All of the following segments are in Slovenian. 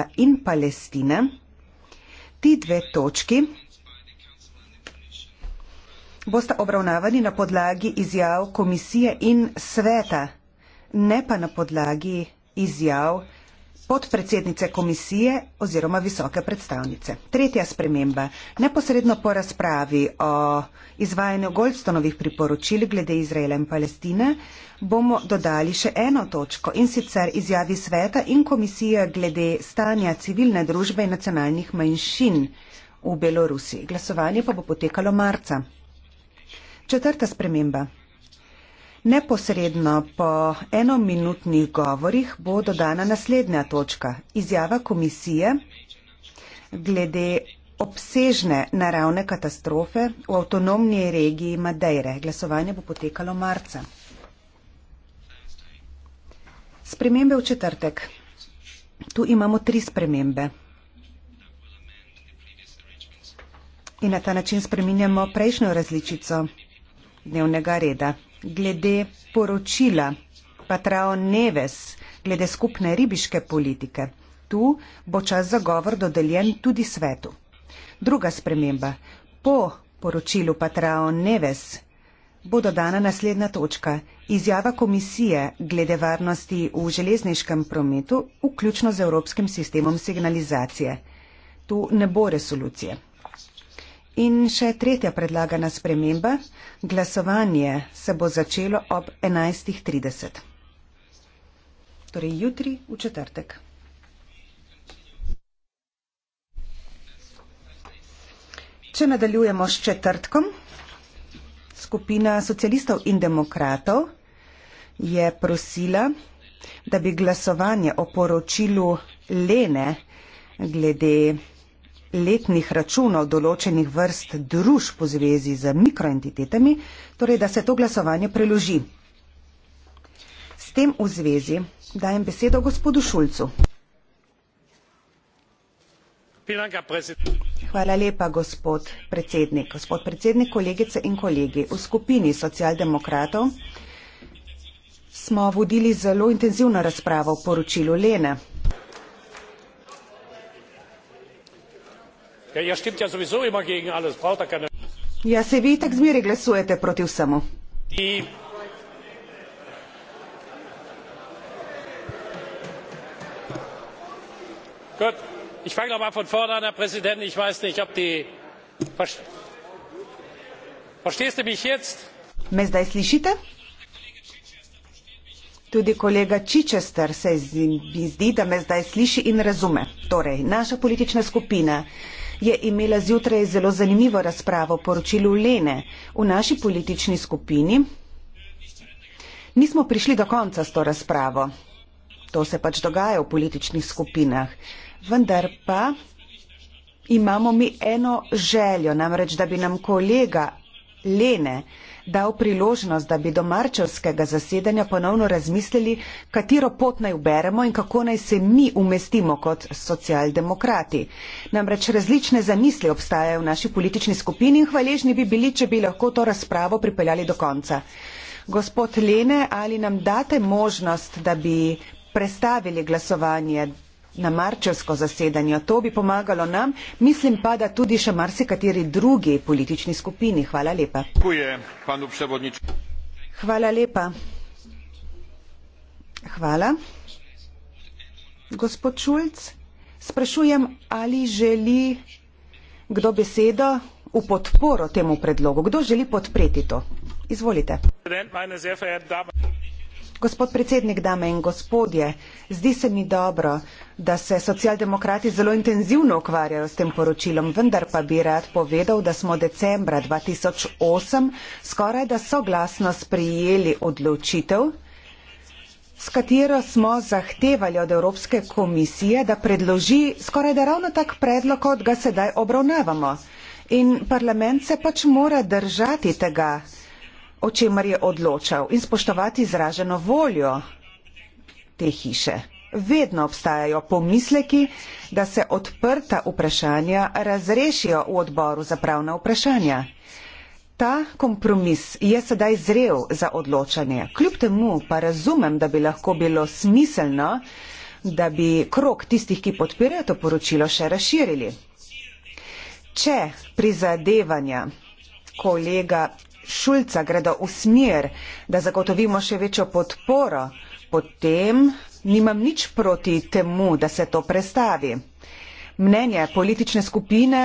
Izraela in Palestine, ti dve točki boste obravnavani na podlagi izjav komisije in sveta, ne pa na podlagi izjav komisije podpredsednice komisije oziroma visoke predstavnice. Tretja sprememba. Neposredno po razpravi o izvajanju Goldstonovih priporočil glede Izraela in Palestine bomo dodali še eno točko in sicer izjavi sveta in komisije glede stanja civilne družbe in nacionalnih manjšin v Belorusiji. Glasovanje pa bo potekalo marca. Četrta sprememba. Neposredno po enominutnih govorih bo dodana naslednja točka. Izjava komisije glede obsežne naravne katastrofe v avtonomni regiji Madeire. Glasovanje bo potekalo marca. Spremembe v četrtek. Tu imamo tri spremembe. In na ta način spreminjamo prejšnjo različico dnevnega reda glede poročila Patrao Neves glede skupne ribiške politike. Tu bo čas za govor dodeljen tudi svetu. Druga sprememba. Po poročilu Patrao Neves bo dodana naslednja točka. Izjava komisije glede varnosti v železniškem prometu, vključno z evropskim sistemom signalizacije. Tu ne bo resolucije. In še tretja predlagana sprememba. Glasovanje se bo začelo ob 11.30. Torej jutri v četrtek. Če nadaljujemo s četrtkom, skupina socialistov in demokratov je prosila, da bi glasovanje o poročilu Lene glede letnih računov določenih vrst družb v zvezi z mikroentitetami, torej da se to glasovanje preloži. S tem v zvezi dajem besedo gospodu Šulcu. Hvala lepa, gospod predsednik. Gospod predsednik, kolegice in kolegi, v skupini socialdemokratov smo vodili zelo intenzivno razpravo o poročilu Lene. Ja, ja, ja, ja, se vi tak zmeri glasujete proti vsemu. Gut, ich fange noch mal von vorne an, Herr Präsident. Ich weiß nicht, ob die. Verstehst du mich jetzt? Me zdaj slišite? Tudi kolega Chichester se zdi, da me zdaj sliši in razume. Torej, naša politična skupina je imela zjutraj zelo zanimivo razpravo o poročilu Lene. V naši politični skupini nismo prišli do konca s to razpravo. To se pač dogaja v političnih skupinah. Vendar pa imamo mi eno željo, namreč da bi nam kolega Lene dal priložnost, da bi do marčevskega zasedanja ponovno razmislili, katero pot naj uberemo in kako naj se mi umestimo kot socialdemokrati. Namreč različne zamisli obstajajo v naši politični skupini in hvaležni bi bili, če bi lahko to razpravo pripeljali do konca. Gospod Lene, ali nam date možnost, da bi prestavili glasovanje na marčevsko zasedanje. To bi pomagalo nam, mislim pa, da tudi še marsikateri drugi politični skupini. Hvala lepa. Hvala lepa. Hvala. Gospod Šulc, sprašujem, ali želi kdo besedo v podporo temu predlogu. Kdo želi podpreti to? Izvolite. Predsednik, moje sehr verehrte Damen in gospodje. Gospod predsednik, dame in gospodje, zdi se mi dobro, da se socialdemokrati zelo intenzivno ukvarjajo s tem poročilom, vendar pa bi rad povedal, da smo decembra 2008 skoraj da soglasno sprijeli odločitev, s katero smo zahtevali od Evropske komisije, da predloži skoraj da ravno tak predlog, kot ga sedaj obravnavamo. In parlament se pač mora držati tega o čemer je odločal in spoštovati izraženo voljo te hiše. Vedno obstajajo pomisleki, da se odprta vprašanja razrešijo v odboru za pravna vprašanja. Ta kompromis je sedaj zrel za odločanje. Kljub temu pa razumem, da bi lahko bilo smiselno, da bi krok tistih, ki podpirajo to poročilo, še razširili. Če prizadevanja kolega Šulca gredo v smer, da zagotovimo še večjo podporo, potem nimam nič proti temu, da se to prestavi. Mnenje politične skupine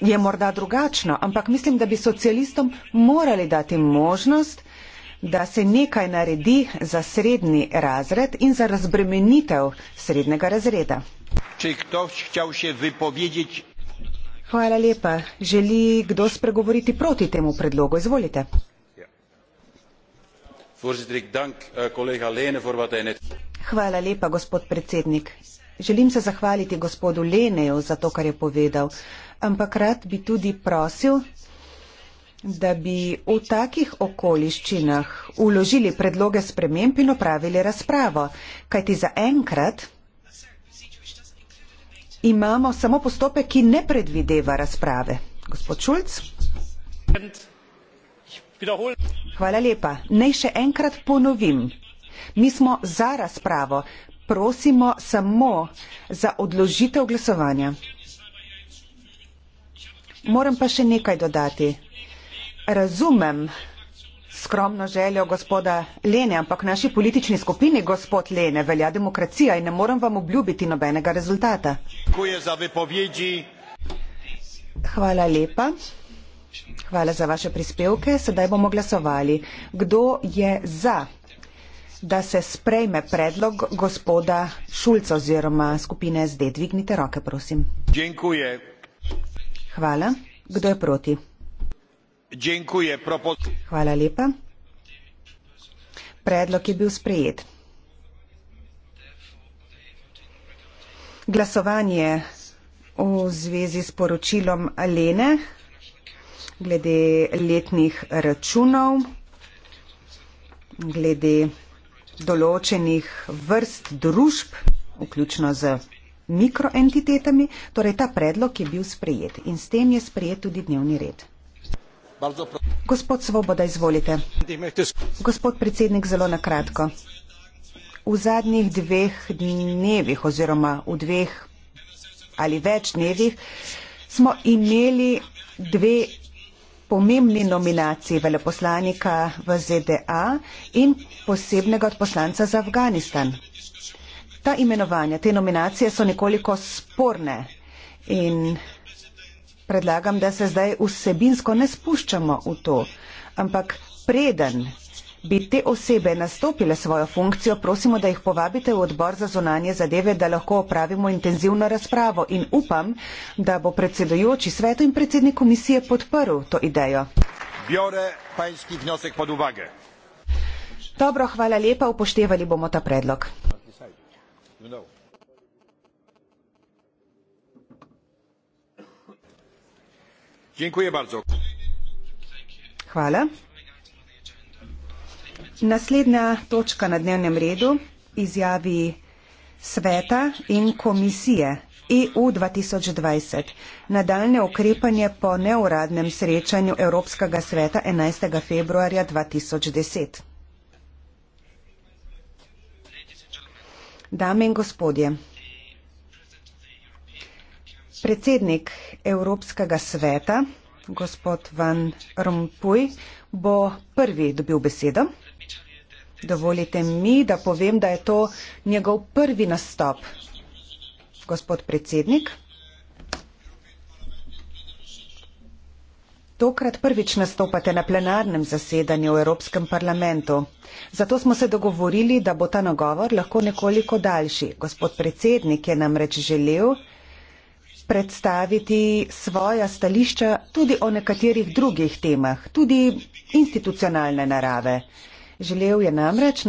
je morda drugačno, ampak mislim, da bi socialistom morali dati možnost, da se nekaj naredi za srednji razred in za razbremenitev srednjega razreda. Če kdo še vypovedeti Hvala lepa. Želi kdo spregovoriti proti temu predlogu? Izvolite. Ja. Eh, Hvala lepa, gospod predsednik. Želim se zahvaliti gospodu Leneju za to, kar je povedal, ampak rad bi tudi prosil, da bi v takih okoliščinah uložili predloge sprememb in opravili razpravo, kajti zaenkrat imamo samo postopek, ki ne predvideva razprave. Gospod Šulc. Hvala lepa. Naj še enkrat ponovim. Mi smo za razpravo. Prosimo samo za odložitev glasovanja. Moram pa še nekaj dodati. Razumem, skromno željo gospoda Lene, ampak naši politični skupini, gospod Lene, velja demokracija in ne morem vam obljubiti nobenega rezultata. Hvala lepa. Hvala za vaše prispevke. Sedaj bomo glasovali. Kdo je za, da se sprejme predlog gospoda Šulca oziroma skupine SD? Dvignite roke, prosim. Hvala. Kdo je proti? Hvala lepa. Predlog je bil sprejet. Glasovanje v zvezi s poročilom Lene glede letnih računov, glede določenih vrst družb, vključno z mikroentitetami, torej ta predlog je bil sprejet in s tem je sprejet tudi dnevni red. Gospod Svoboda, izvolite. Gospod predsednik, zelo na kratko. V zadnjih dveh dnevih oziroma v dveh ali več dnevih smo imeli dve pomembni nominaciji veleposlanika v ZDA in posebnega odposlanca za Afganistan. Ta imenovanja, te nominacije so nekoliko sporne in predlagam, da se zdaj vsebinsko ne spuščamo v to, ampak preden bi te osebe nastopile svojo funkcijo, prosimo, da jih povabite v odbor za zonanje zadeve, da lahko opravimo intenzivno razpravo in upam, da bo predsedujoči svetu in predsednik komisije podprl to idejo. Dobro, hvala lepa, upoštevali bomo ta predlog. No. Hvala. Naslednja točka na dnevnem redu izjavi sveta in komisije EU 2020. Nadaljne ukrepanje po neuradnem srečanju Evropskega sveta 11. februarja 2010. Dame in gospodje, Predsednik Evropskega sveta, gospod Van Rompuy, bo prvi dobil besedo. Dovolite mi, da povem, da je to njegov prvi nastop. Gospod predsednik, tokrat prvič nastopate na plenarnem zasedanju v Evropskem parlamentu. Zato smo se dogovorili, da bo ta nagovor lahko nekoliko daljši. Gospod predsednik je namreč želel, predstaviti svoja stališča tudi o nekaterih drugih temah, tudi institucionalne narave. Želel je namreč na